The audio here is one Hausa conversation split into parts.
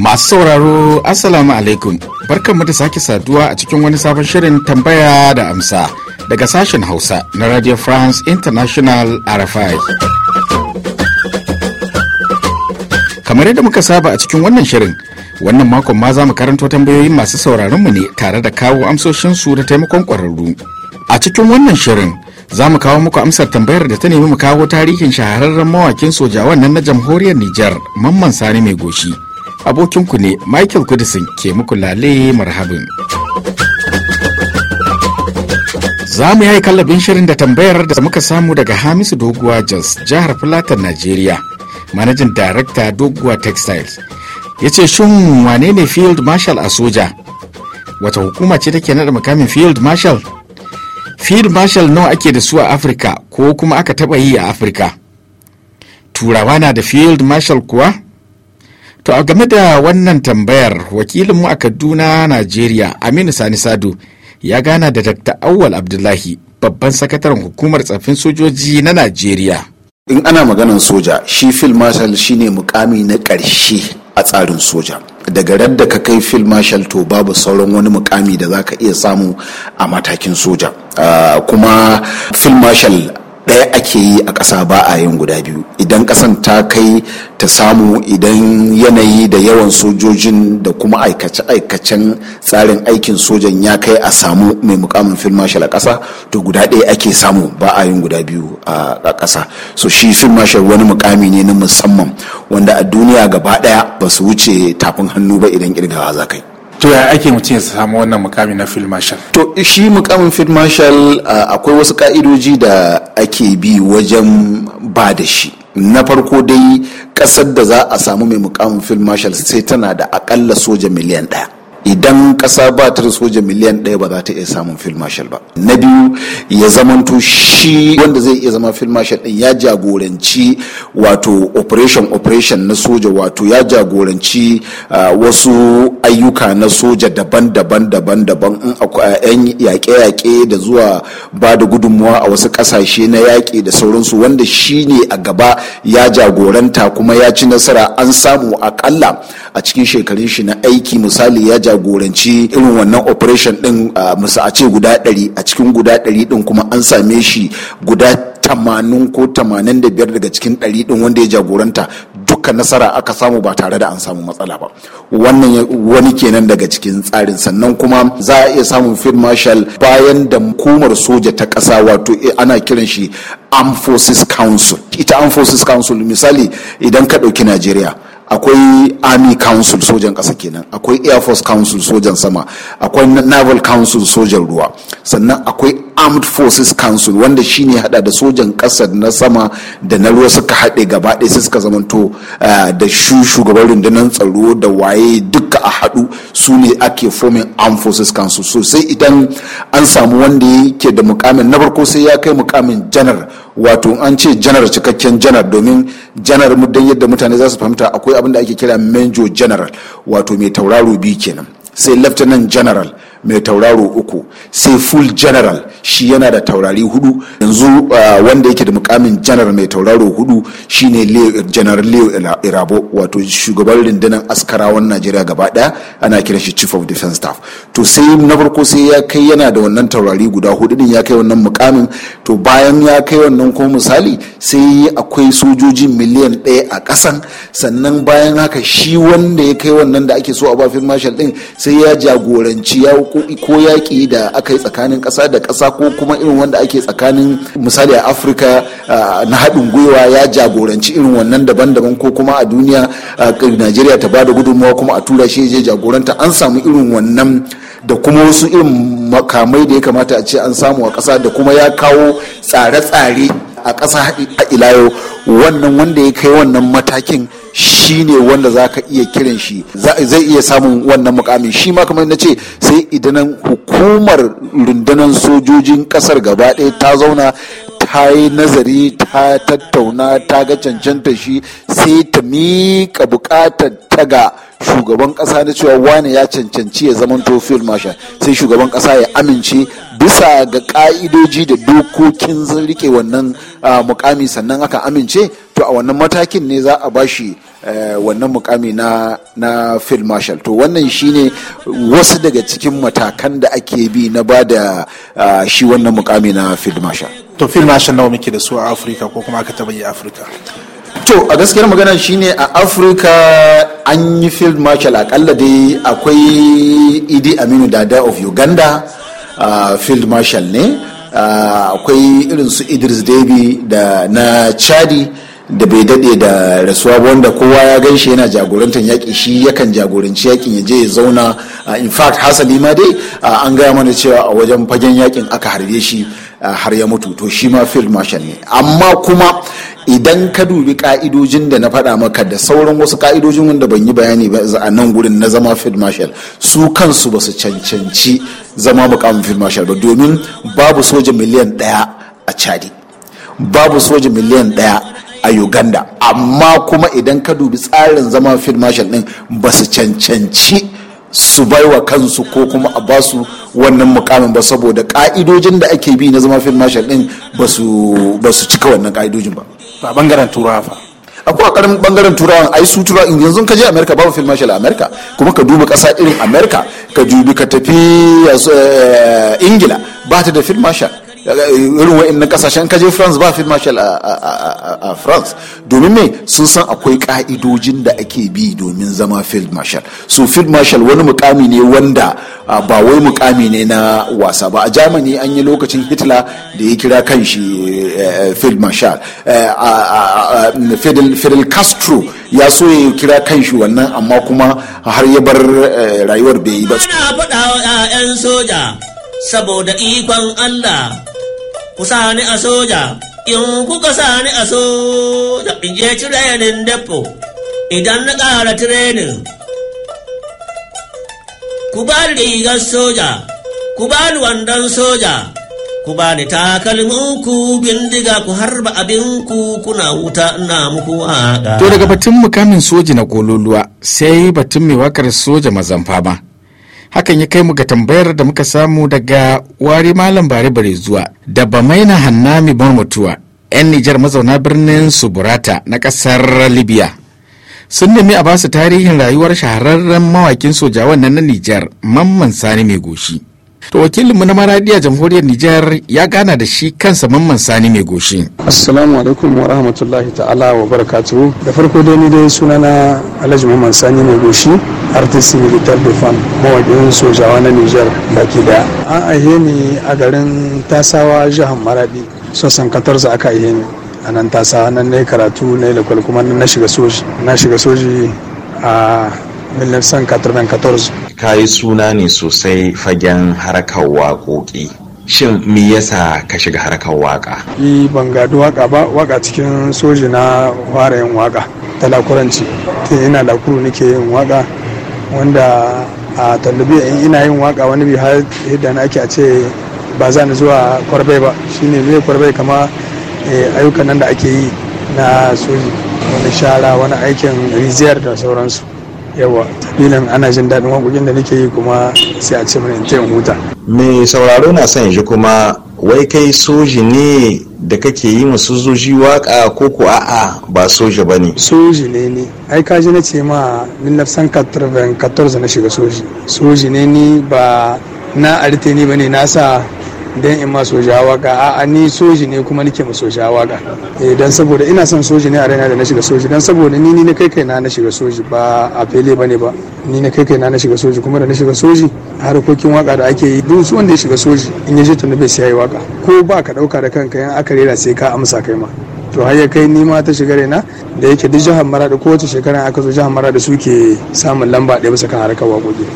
Masu sauraro Assalamu alaikum mu da sake saduwa a cikin wani sabon shirin tambaya da amsa daga sashen Hausa na Radio France International RFI. Kamar yadda muka saba a cikin wannan shirin wannan makon ma za mu karanto tambayoyin masu sauraronmu ne tare da kawo amsoshin su da taimakon kwararru. a cikin wannan shirin za mu kawo muku amsar tambayar da ta nemi mu kawo tarihin shahararren mawakin soja wannan na jamhuriyar nijar mamman sani mai goshi abokinku ne michael kudisin ke muku lale marhabin za mu yi kallabin shirin da tambayar da muka samu daga hamisu doguwa jos jihar filatan najeriya manajan darakta doguwa textiles ya ce shin wane ne field marshal a soja wata hukuma ce take naɗa mukamin field marshal field marshal nawa ake da su a afirka ko kuma aka taɓa yi a afirka turawa na da field marshal kuwa to a game da wannan tambayar wakilinmu a kaduna najeriya aminu sani sadu ya gana da dr awwal abdullahi babban sakataren hukumar tsaffin sojoji na najeriya in ana maganan soja shi field marshal shine mukami na ƙarshe a tsarin soja daga ran da ka kai fil marshal to babu sauran wani mukami da za ka iya samu a matakin soja ah, kuma fil marshal ɗaya ake yi a ƙasa ba a yin guda biyu idan ƙasan ta kai ta samu idan yanayi da yawan sojojin da kuma aikace-aikacen tsarin aikin sojan ya kai a samu mai mukamin field marshal a ƙasa to guda ɗaya ake samu ba a yin guda biyu a ƙasa so shi field marshal wani mukami ne na musamman wanda a duniya gaba ɗaya ba su wuce tafin hannu ba idan ƙirgawa za kai to ya ake mutum ya samu wannan mukami na field marshal to shi mukamin field marshal akwai wasu ka'idoji da ake bi wajen ba da shi na farko dai kasar da za a samu mai mukamin field marshal sai tana da akalla soja miliyan ɗaya idan kasa ba ta da soja miliyan ɗaya ba za ta iya samun field marshal ba na biyu ya zamanto shi wanda zai iya zama field marshal ɗin ya jagoranci wato operation operation na soja wato ya jagoranci ah, wasu ayyuka na soja daban-daban daban-daban in ah, yan yaƙe-yaƙe da zuwa ba da gudunmuwa a wasu ƙasashe na yaƙi da sauransu wanda shi ne a gaba ya jagoranta kuma ya ci nasara an samu aƙalla a cikin shekarun shi na aiki misali ya jagoranci irin wannan operation din musa a ce guda ɗari a cikin guda ɗari din kuma an same shi guda tamanin ko tamanin da biyar daga cikin ɗari din wanda ya jagoranta duka nasara aka samu ba tare da an samu matsala ba wannan wani kenan daga cikin tsarin sannan kuma za a iya samun field marshal bayan da hukumar soja ta kasa wato eh, ana kiran shi armed forces council ita armed forces council misali idan ka ɗauki najeriya akwai army council sojan kasa kenan akwai air force council sojan sama akwai naval council sojan ruwa sannan akwai armed forces council wanda shine hada da sojan kasa na sama da na ruwa suka haɗe gaba ɗaya suka zamanto eh, da shu shugaban rundunar tsaro da waye duka a haɗu su ne ake forming armed forces council so sai idan an samu wanda yake da mukamin na farko sai ya kai mukamin janar wato an ce janar cikakken janar domin janar muddin yadda mutane za su fahimta akwai abin da ake kira major general wato mai tauraro biyu kenan sai lieutenant general mai tauraro uku sai full general shi yana da taurari hudu yanzu ah, wanda yake da mukamin general mai tauraro hudu shine general leo irabo wato shugaban rundunar askarawan najeriya gaba daya ana kiran shi chief of defense staff to sai na farko sai ya kai yana da wannan taurari guda hudu din ya kai wannan mukamin to bayan ya kai wannan ko misali sai akwai sojoji miliyan daya a kasan sannan bayan haka shi wanda ya kai wannan da ake so a bafin marshal din sai ya jagoranci ya ko yaƙi da aka yi tsakanin ƙasa da ƙasa ko kuma irin wanda ake tsakanin misali a afirka na haɗin gwiwa ya jagoranci irin wannan daban-daban ko kuma a duniya najeriya ta ba da gudunmawa kuma a tura shi ya je jagoranta an samu irin wannan da kuma wasu irin makamai da ya kamata a ce an samu a ƙasa da kuma ya kawo tsare-tsare a ƙasa a ilayo wannan wanda ya kai wannan matakin shi ne wanda za ka iya kiran shi zai iya samun wannan mukamin shi ma kamar na ce sai idan hukumar rundunar sojojin kasar gaba ɗaya ta zauna ta yi nazari ta tattauna ta ga cancanta shi sai ta miƙa buƙatar ta ga shugaban ƙasa na cewa wani ya cancanci ya zama field marshal sai shugaban ƙasa ya amince bisa ga ƙa'idoji da dokokin rike wannan ah, mukami sannan aka amince to a wannan matakin ne za a bashi eh, wannan mukami na na field marshal to wannan shine wasu daga cikin matakan da ake bi na ba da ah, shi wannan mukami na field marshal to field marshal nawa muke da su a afirka ko kuma aka taba yi afirka to a gaskiyar magana shine a afirka an yi field marshal akalla dai akwai idi aminu dada of uganda uh, field marshal ne ah, akwai uh, irin su idris debi da na chadi da bai dade da rasuwa ba wanda kowa ya gan shi yana jagorantar yaƙi shi yakan jagoranci yaƙin ya je ya zauna ah, in fact hasali ma dai ah, an gaya mana cewa a wajen fagen yaƙin aka harbe shi ah, har ya mutu to shi ma field marshal ne amma kuma idan ka dubi ka'idojin da na faɗa maka da sauran wasu ka'idojin wanda ban yi bayani ba a nan gurin na zama field marshal su kansu ba su cancanci zama mukamin field marshal ba domin babu soja miliyan ɗaya a chadi babu soja miliyan ɗaya a uganda amma kuma idan ka dubi tsarin zama field marshal din ba su cancanci su bai wa kansu ko kuma a ba su wannan mukamin ba saboda ka'idojin da ake bi na zama field marshal din ba su cika wannan ka'idojin ba ba bangaren turawa fa akwai a karin bangaren turawan ai su in yanzu ka je america babu field marshal a america kuma ka duba kasa irin america ka dubi ka tafi eh, ingila ba ta da field marshal Eh, irin wa'annan kasashen kaje france ba field marshal a france domin me sun san akwai ka'idojin da ake bi domin zama field marshal so field marshal wani mukami ne wanda ba wai mukami ne na wasa ba a germany an yi lokacin hitler da ya kira kan shi eh, eh, field marshal fidel castro ya so ya kira kan shi wannan amma kuma har ya bar rayuwar bai yi ba. Ana 'ya'yan soja saboda ikon Allah ku sani a soja in kuka sani a soja in je tirenin depo idan na ƙara tirenin ku ba ni rigar soja ku ba ni wandon soja ku ba ni takalminku bindiga ku harba abinku kuna wuta ina muku to daga batun mukamin soja na kololuwa sai batun mai wakar soja mazamfa ba hakan ya kai mu ga tambayar da muka samu daga wari malam bare bare zuwa da bamaina hannami mutuwa 'yan nijar mazauna birnin suburata na kasar libya sun nemi a basu tarihin rayuwar shahararren mawakin soja wannan na nijar mamman sani mai goshi To wakilinmu na maradiya jamhuriyar Nijar ya gana da shi kansa mamman sani mai goshi. Assalamu alaikum wa rahmatullahi ta'ala wa barakatuhu. Da farko dai ni dai sunana Alhaji Mamman Sani mai goshi, artist militar de mawaƙin sojawa na Nijar baki daya. An aihe ni a garin Tasawa jihar Maradi, sassan katarsa aka aihe ni. A nan Tasawa nan na karatu na lakwal kuma na shiga soji. Na shiga soji a 1994 kayi suna ne sosai fagen harkar waƙoƙi shin me yasa ka shiga harkar waƙa? yi ban gadi waka ba waka cikin soji na fara yin waƙa ta lakuranci ina lakuru nake yin waƙa wanda a tallabi ina yin waka wani bi har yadda na ake a ce ba za ni zuwa kwarbai ba shine me kwarbai kama eh, ayyukan nan da ake yi na soji wani shara wani aikin riziyar da sauransu yawa tabilan ana jin daɗin waƙoƙin da nake yi kuma sai a ce mana in tayin huta me sauraro na son ji kuma wai kai soji ne da kake yi ma sojoji waƙa ko ko a'a ba soja ba ne soji ne ne ai ka ji na ce ma 1994 na shiga soji soji ne ni ba na arite ni ba ne na sa don in ma soja waka a'a ni soji ne kuma nike ma soja waka eh, dan saboda ina son soji ne a raina da na shiga soji dan saboda ni ni na kai kai na shiga soji ba a fele bane ba ni na kai kai na shiga soji kuma da na shiga soji harkokin waka da ake yi duk wanda ya shiga soji in ya je tunda bai sai waka ko ba ka dauka da kanka yan aka rera sai ka amsa kai ma to har ya kai ni ma ta shiga raina da yake duk jihar maradi kowace shekara aka zo jihar maradi suke samun lamba ɗaya bisa kan harkar waƙoƙi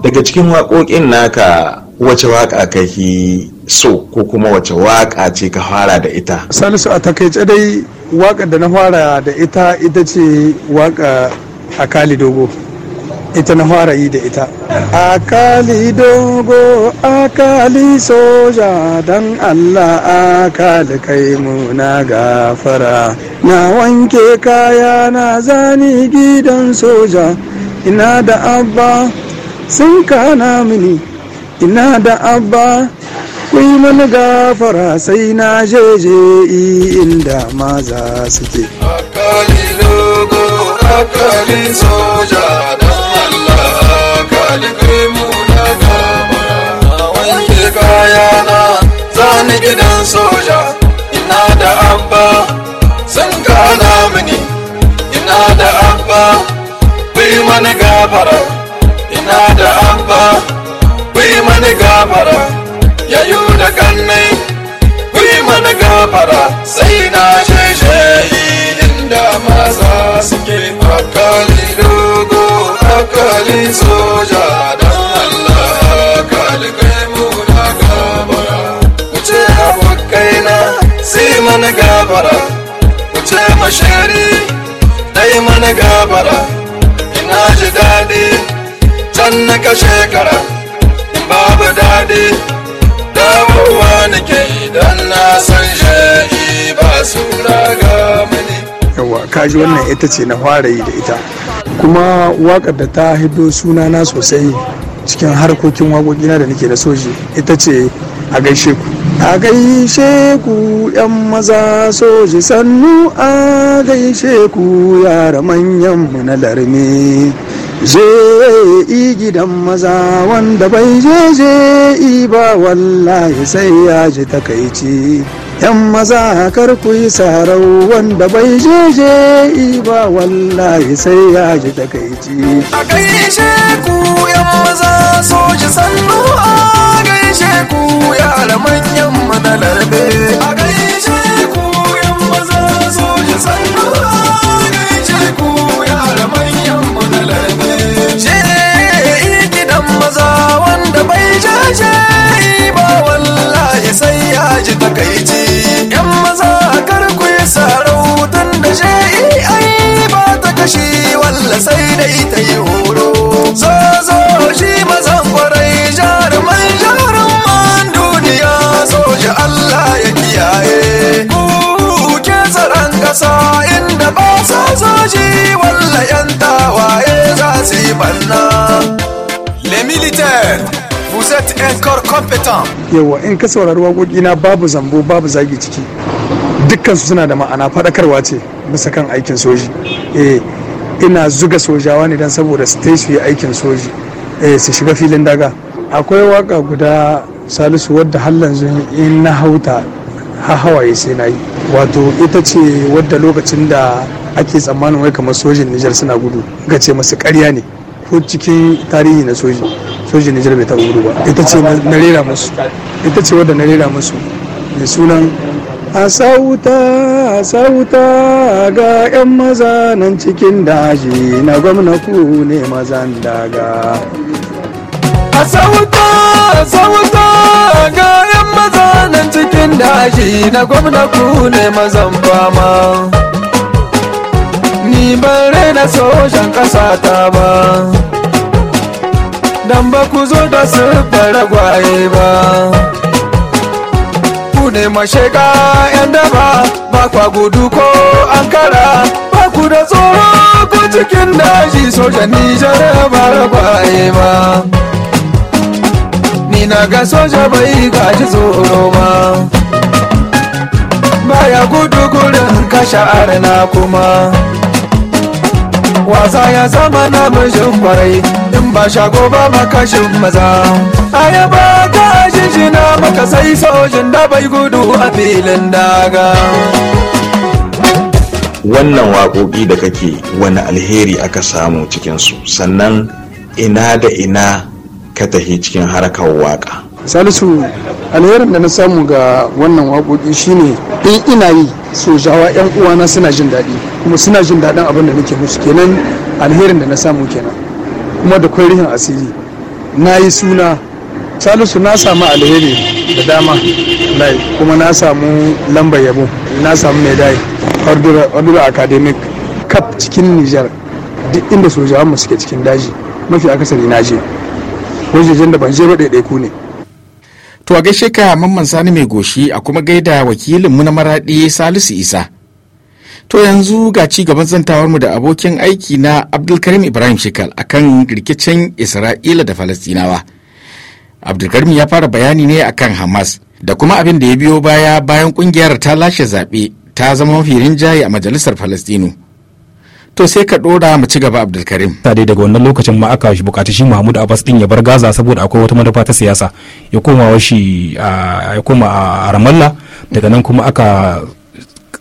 daga cikin waƙoƙin naka wace waka ka yi so ko kuma wace waka ce ka fara da ita salisu a takaice dai waka da na fara da ita ita ce waka a kali dogo ita na fara yi da ita akali dogo akali soja don allah akali kai muna gafara na wanke kaya na zani gidan soja ina da abba sun kana mini ina da abba ku yi mani gafara sai na jeje inda maza suke akali logo akali soja da Allah akali mu na gama na kaya na zani gidan soja ina da abba sun kana mini ina da abba ku yi mani gafara mana gabara ku mashari dai mana gabara ina ji daɗi can na ka shekara babu daɗi dawowa nake don na san shi ba su raga mani yawa kaji wannan ita ce na fara yi da ita kuma waƙar da ta hido sunana sosai cikin harkokin waƙoƙina da nake da soji ita ce a gaishe ku a gaishe ku yan maza soji sannu a gaishe ku yara manyan na larme je yi gidan maza wanda bai je je ba wallahi sai ya ji takaici yan maza kar ku yi sarau wanda bai je je ba wallahi sai ya ji takaici a gaishe ku yan maza soji sannu a gaishe ku yara manyan mana larbe a gaishe expert. Vous êtes corps compétent. Yawa in ka saurari waƙoƙi na babu zambo babu zagi ciki. Dukkansu suna da ma'ana faɗakarwa ce bisa kan aikin soji. Eh, ina zuga sojawa ne dan saboda su tai su yi aikin soji. Eh, su shiga filin daga. Akwai waka guda Salisu wadda har yanzu in na hauta ha hawaye sai na yi. Wato ita ce wadda lokacin da ake tsammanin wai kamar sojin Nijar suna gudu. Gace masu karya ne ko cikin tarihi na soji. sojin nijar bai taɓa wuri ba ita ce na rera musu ita ce wadda na rera musu mai sunan a sauta a sauta ga 'yan maza nan cikin daji na gwamna ku ne mazan daga a sauta a sauta ga 'yan maza nan cikin daji na gwamna ku ne mazan fama ni ban na sojan ƙasa ta ba dan ba ku zo da siffar ragwaye ba ku ne mashega yan daba ba kwa gudu ko ankara Baku ku da tsoro ko cikin daji sojan nijar ba ragwaye ba ni na ga soja bai gaji tsoro ba baya gudu gudun kashe arna kuma wasa ya zama na mashin kwarai in ba shago ba makashin maza ba ka jinjina maka sai sojin da bai gudu a filin daga wannan waƙoƙi da kake wani alheri aka samu cikinsu sannan ina da ina ka tafi cikin harkar waƙa salisu alherin da na samu ga wannan waƙoƙi shine in ina yi Sojawa 'yan uwana suna jin daɗi kuma suna jin daɗin abin da nake musu kenan alherin da na samu kenan kuma da kwarihin asiri na yi suna salisu na samu alheri da dama kuma na samu lamba yabo na samu medai ordura academic cup cikin nijar duk inda sojawan mu suke cikin daji mafi akasari na je wajejen da ban je ba ɗaiɗaiku ne to a gaishe ka mamman sani mai goshi a kuma gaida wakilin mu na maraɗi salisu isa To yanzu ga ci gaban mu da abokin aiki na Abdulkarim Ibrahim Shekal akan rikicin Isra'ila da Falastinawa. Abdulkarim ya fara bayani ne akan Hamas da kuma abin da ya biyo baya bayan kungiyar ta lashe zaɓe ta zama mafi rinjaye a majalisar Falastinu. To sai ka ɗora mu ci gaba Abdulkarim. Ta dai daga wannan lokacin ma aka bukaci shi Mahmud Abbas din ya bar Gaza saboda akwai wata manufa ta siyasa ya koma washi ah, ya a Ramallah daga nan kuma aka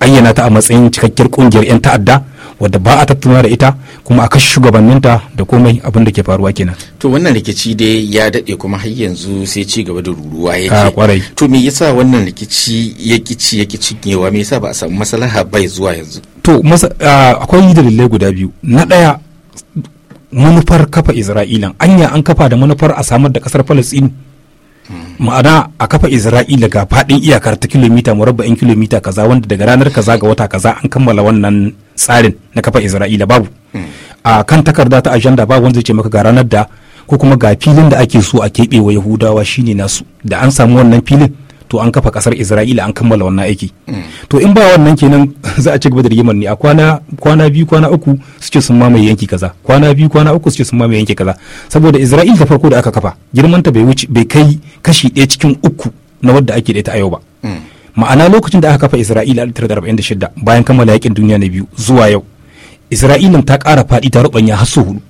ayyana ta a matsayin cikakkiyar kungiyar 'yan ta'adda wadda ba a tattuna da ita kuma a kashe shugabanninta da komai abin da ke faruwa kenan. To wannan rikici dai ya daɗe kuma har yanzu sai ci gaba da ruruwa yake. kwarai. To me yasa wannan rikici ya kici ya cinyewa me yasa ba a samu maslaha bai zuwa yanzu? To akwai dalilai guda biyu. Na ɗaya manufar kafa Isra'ilan anya an kafa da manufar a samar da ƙasar Falasɗinu. ma'ana a kafa isra'ila ga fadin iyakar ta kilomita murabba'in kilomita kaza wanda daga ranar kaza ga wata kaza an kammala wannan tsarin na kafa isra'ila babu a kan takarda ta ajanda babu wanda ce maka ga ranar da ko kuma ga filin da ake so a keɓewa yahudawa shine nasu da an samu wannan filin to an kafa kasar isra'ila an kammala wannan aiki to in ba wannan kenan za a ci gaba da rigimar ne a kwana kwana biyu kwana uku suke sun mamaye yanki kaza kwana biyu kwana uku suke sun mamaye yanki kaza saboda Isra'il ta farko da aka kafa girman ta bai wuce bai kai kashi ɗaya cikin uku na wadda ake da ita a yau ba ma'ana lokacin da aka kafa isra'ila 1946 bayan kammala yakin duniya na biyu zuwa yau isra'ilan ta ƙara faɗi ta ruɓanya har hudu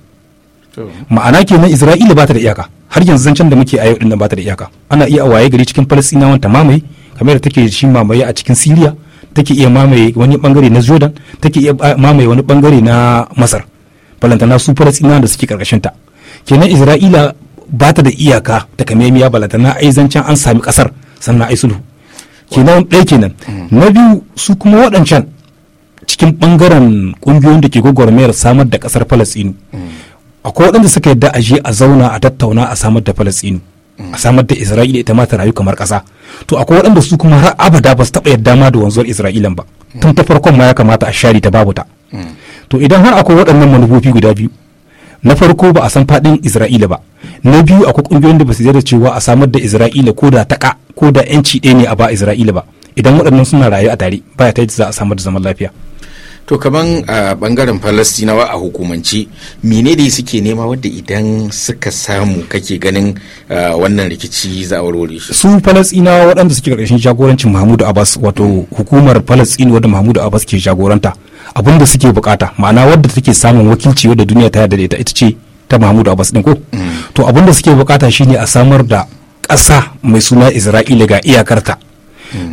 ma'ana kenan isra'ila ba ta da iyaka har yanzu zancen da muke a yau ɗin ba ta da iyaka ana iya waye gari cikin falastinawan ta mamaye kamar da take shi mamaye a cikin siriya take iya mamaye wani bangare na jordan take iya ah, mamaye wani bangare na masar balantana su falastinawan da suke karkashin ta kenan isra'ila ba ta da iyaka ta kamemiya balantana ai zancen an sami kasar sannan ai sulhu kenan ɗaya kenan mm. na biyu su kuma waɗancan cikin bangaren kungiyoyin da ke gwagwarmayar samar da kasar falastinu mm. akwai waɗanda suka yadda a je a zauna a tattauna a samar da falastinu a samar da isra'ila ita ma ta rayu kamar ƙasa to akwai waɗanda su kuma har abada ba su taɓa yadda ma da wanzuwar isra'ilan ba tun ta farkon ma ya kamata a share ta babu ta to idan har akwai waɗannan manufofi guda biyu na farko ba a san faɗin isra'ila ba na biyu akwai ƙungiyoyin da ba su da cewa a samar da isra'ila ko da taƙa ko da yanci ɗaya ne a ba isra'ila ba idan waɗannan suna rayu a tare ba ya ta za a samar da zaman lafiya to kaman a bangaren falastinawa a hukumance mene da suke nema wadda idan suka samu kake ganin wannan rikici za a warware shi su falastinawa waɗanda suke karkashin jagorancin mahmudu abbas wato hukumar falastin wadda mahmudu abbas ke jagoranta abin da suke bukata ma'ana wadda take samun wakilci wadda duniya ta yarda da ita ita ce ta mahmudu abbas din ko mm. to abin da suke bukata shine a samar da ƙasa mai suna isra'ila ga iyakarta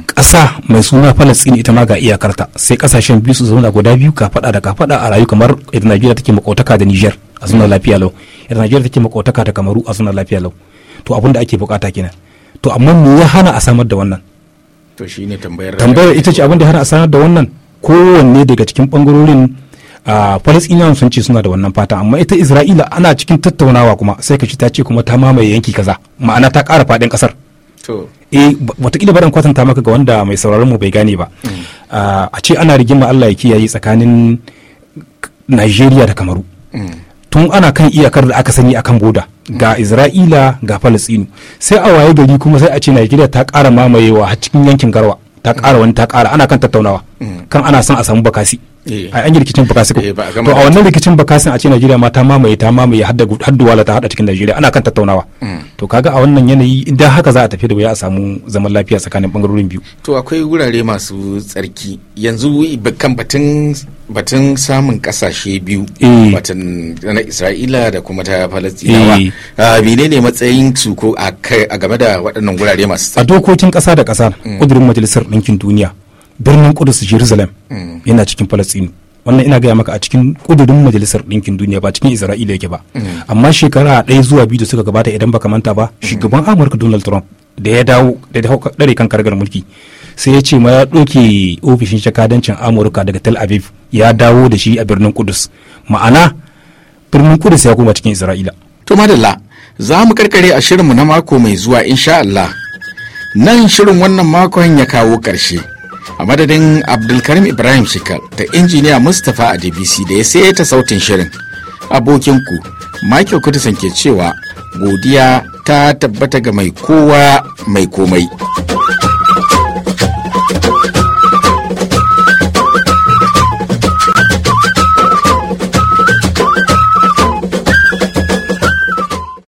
ƙasa mai suna Palestine ita ma ga iyakarta sai ƙasashen biyu su zauna guda biyu ka faɗa da ka faɗa a rayu kamar yadda Najeriya take makautaka da Niger a suna lafiya lau yadda Najeriya take makautaka da Kamaru a suna lafiya lau to abin da ake bukata kenan to amma me ya hana a samar da wannan to shine tambayar tambayar ita ce abin da ya hana a samar da wannan kowanne daga cikin bangarorin falasɗinawan sun ce suna da wannan fata amma ita isra'ila ana cikin tattaunawa kuma sai ka ci ta ce kuma ta mamaye yanki kaza ma'ana ta ƙara faɗin ƙasar eh watakila baran kwatanta maka ga wanda mai sauraron mu bai gane ba mm. ah, a ce ana rigima Allah ya kiyaye tsakanin Najeriya da Kamaru mm. tun ana kan iyakar da aka sani akan boda mm. ga Isra'ila ga Falasinu sai a waye gari kuma sai a ce Najeriya ta kara mamayewa a cikin yankin Garwa ta ƙara wani ta kara ana kan tattaunawa kan ana son a samu bakasi Eh. an yi rikicin bakasin eh, to a wannan rikicin bakasin a ce Najeriya ma ta mamaye ta mamaye har da ta hada cikin Najeriya ana kan tattaunawa mm. to kaga a wannan yanayi idan haka za a tafi da wuya a samu zaman lafiya tsakanin bangarorin biyu to akwai wurare masu tsarki yanzu kan batun samun kasashe biyu batun eh. na Isra'ila da kuma ta Falastinawa menene matsayin su ko a game da waɗannan wurare masu tsarki a dokokin ƙasa da ƙasa kudurin mm. majalisar ɗinkin duniya birnin kudus jerusalem yana cikin falastinu wannan ina gaya maka a cikin kudurin majalisar ɗinkin duniya ba cikin isra'ila yake ba amma shekara ɗaya zuwa biyu da suka gabata idan baka manta ba shugaban amurka donald trump da ya dawo da ya dare kan kargar mulki sai ya ce ma ya ɗauke ofishin shakadancin amurka daga tel aviv ya dawo da shi a birnin kudus ma'ana birnin kudus ya koma cikin isra'ila to madalla za mu karkare a shirinmu na mako mai zuwa insha allah nan shirin wannan makon ya kawo ƙarshe. a madadin abdulkarim ibrahim shikal da injiniya mustapha a dbc da ya ta sautin shirin abokinku michael kudisan ke cewa godiya ta tabbata ga mai kowa mai komai.